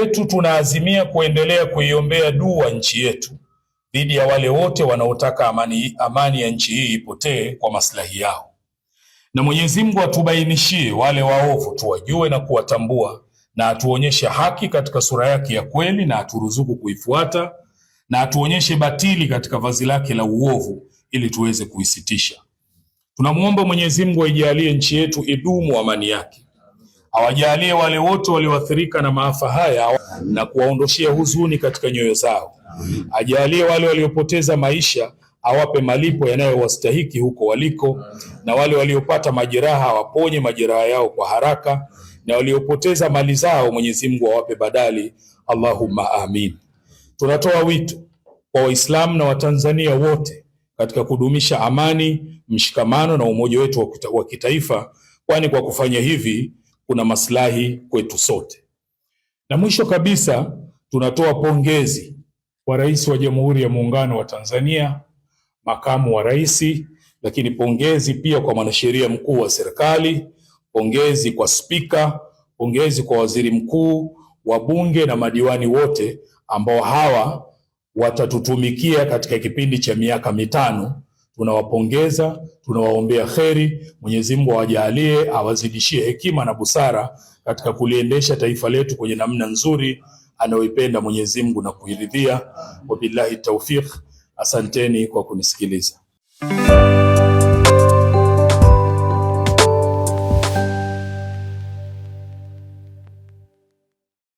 wetu tunaazimia kuendelea kuiombea dua nchi yetu dhidi ya wale wote wanaotaka amani, amani ya nchi hii ipotee kwa maslahi yao, na Mwenyezi Mungu atubainishie wale waovu, tuwajue na kuwatambua, na atuonyeshe haki katika sura yake ya kweli, na aturuzuku kuifuata, na atuonyeshe batili katika vazi lake la uovu, ili tuweze kuisitisha. Tunamwomba Mwenyezi Mungu aijalie nchi yetu idumu amani yake awajalie wale wote walioathirika na maafa haya na kuwaondoshea huzuni katika nyoyo zao. Ajalie wale waliopoteza maisha awape malipo yanayowastahiki huko waliko, na wale waliopata majeraha awaponye majeraha yao kwa haraka, na waliopoteza mali zao Mwenyezi Mungu awape badali. Allahumma amin. Tunatoa wito kwa Waislamu na Watanzania wote katika kudumisha amani, mshikamano na umoja wetu wa kitaifa, kwani kwa kufanya hivi kuna maslahi kwetu sote. Na mwisho kabisa, tunatoa pongezi kwa Rais wa Jamhuri ya Muungano wa Tanzania, makamu wa rais, lakini pongezi pia kwa mwanasheria mkuu wa serikali, pongezi kwa spika, pongezi kwa waziri mkuu, wabunge na madiwani wote ambao hawa watatutumikia katika kipindi cha miaka mitano tunawapongeza, tunawaombea kheri. Mwenyezi Mungu awajalie, awazidishie hekima na busara katika kuliendesha taifa letu kwenye namna nzuri anayoipenda Mwenyezi Mungu na kuiridhia. Wabillahi taufiq Asanteni kwa kunisikiliza.